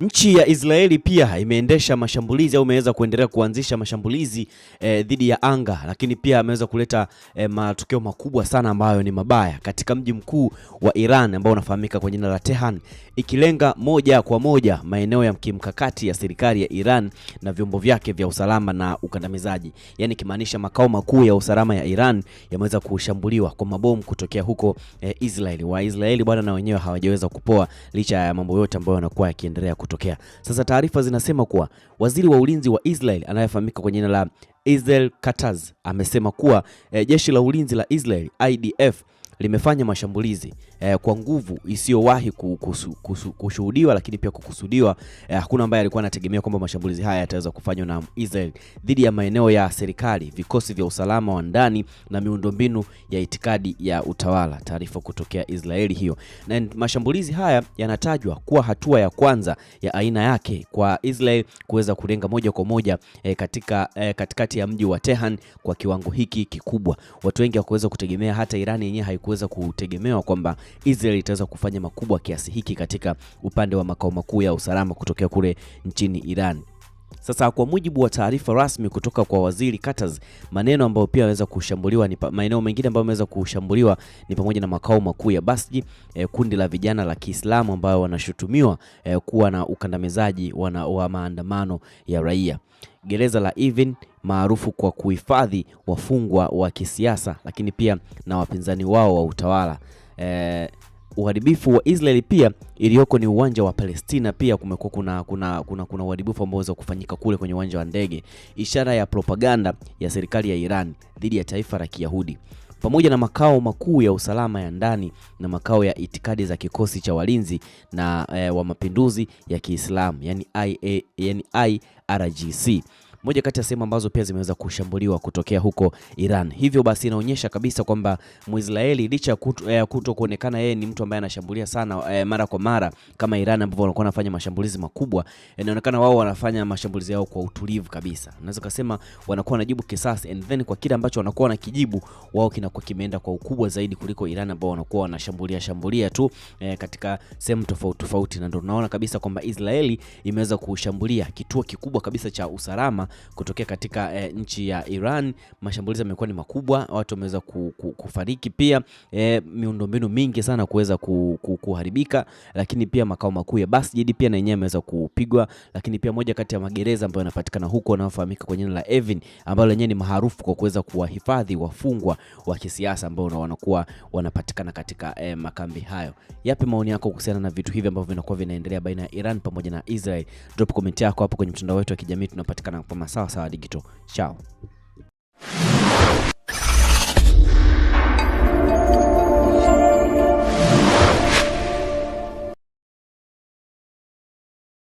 Nchi ya Israeli pia imeendesha mashambulizi au imeweza kuendelea kuanzisha mashambulizi eh, dhidi ya anga, lakini pia ameweza kuleta eh, matukio makubwa sana ambayo ni mabaya katika mji mkuu wa Iran ambao unafahamika kwa jina la Tehran, ikilenga moja kwa moja maeneo ya kimkakati ya serikali ya Iran na vyombo vyake vya usalama na ukandamizaji, yaani kimaanisha makao makuu ya usalama ya Iran yameweza kushambuliwa kwa mabomu kutokea huko eh, Israeli. Waisraeli bwana na wenyewe hawajaweza kupoa licha ya mambo yote ambayo yanakuwa yakiendelea kutokea. Sasa taarifa zinasema kuwa waziri wa ulinzi wa Israel anayefahamika kwa jina la Israel Katz amesema kuwa e, jeshi la ulinzi la Israel IDF limefanya mashambulizi eh, kwa nguvu isiyowahi kushuhudiwa, lakini pia kukusudiwa. Eh, hakuna ambaye alikuwa anategemea kwamba mashambulizi haya yataweza kufanywa na Israel dhidi ya maeneo ya serikali, vikosi vya usalama wa ndani na miundombinu ya itikadi ya utawala, taarifa kutokea Israeli hiyo. Na mashambulizi haya yanatajwa kuwa hatua ya kwanza ya aina yake kwa Israel kuweza kulenga moja kwa moja eh, katika eh, katikati ya mji wa Tehran kwa kiwango hiki kikubwa. Watu wengi hawakuweza kutegemea, hata Irani yenyewe haiku kuweza kutegemewa kwamba Israel itaweza kufanya makubwa kiasi hiki katika upande wa makao makuu ya usalama kutokea kule nchini Iran. Sasa kwa mujibu wa taarifa rasmi kutoka kwa Waziri Katas, maneno ambayo pia yaweza kushambuliwa ni maeneo mengine ambayo yaweza kushambuliwa ni pamoja na makao makuu ya Basji, eh, kundi la vijana la Kiislamu ambao wanashutumiwa eh, kuwa na ukandamizaji wa maandamano ya raia. Gereza la Evin maarufu kwa kuhifadhi wafungwa wa kisiasa lakini pia na wapinzani wao wa utawala. Eh, uharibifu wa Israeli pia iliyoko ni uwanja wa Palestina. Pia kumekuwa kuna kuna kuna kuna uharibifu ambao unaweza kufanyika kule kwenye uwanja wa ndege, ishara ya propaganda ya serikali ya Iran dhidi ya taifa la Kiyahudi pamoja na makao makuu ya usalama ya ndani na makao ya itikadi za kikosi cha walinzi na e, wa mapinduzi ya Kiislamu yani, yani IRGC moja kati ya sehemu ambazo pia zimeweza kushambuliwa kutokea huko Iran. Hivyo basi inaonyesha kabisa kwamba Mwisraeli licha ya eh, kuto kuonekana yeye ni mtu ambaye anashambulia sana eh, mara kwa mara kama Iran ambavyo wanakuwa wanafanya mashambulizi makubwa, inaonekana wao wanafanya mashambulizi yao kwa utulivu kabisa. Naweza kusema wanakuwa wanajibu kisasi and then kwa kile ambacho wanakuwa wanakijibu wao kinakuwa kimeenda kwa ukubwa zaidi kuliko Iran ambao wanakuwa wanashambulia shambulia tu eh, katika sehemu tofauti tofauti, na ndio tunaona kabisa kwamba Israeli imeweza kushambulia kituo kikubwa kabisa cha usalama kutokea katika e, nchi ya Iran. Mashambulizi yamekuwa ni makubwa, watu wameweza ku, ku, kufariki pia e, miundombinu mingi sana kuweza ku, ku, kuharibika, lakini pia makao makuu ya Basjid pia na yenyewe yameweza kupigwa, lakini pia moja kati ya magereza ambayo yanapatikana huko yanayofahamika kwa jina la Evin ambalo lenyewe ni maarufu kwa kuweza kuwahifadhi wafungwa wa kisiasa ambao wanakuwa wanapatikana katika e, makambi hayo. Yapi maoni yako kuhusiana na vitu hivi ambavyo vinakuwa vinaendelea baina ya Iran pamoja na Israel? Drop comment yako hapo kwenye mtandao wetu wa kijamii tunapatikana sawa digito Chao.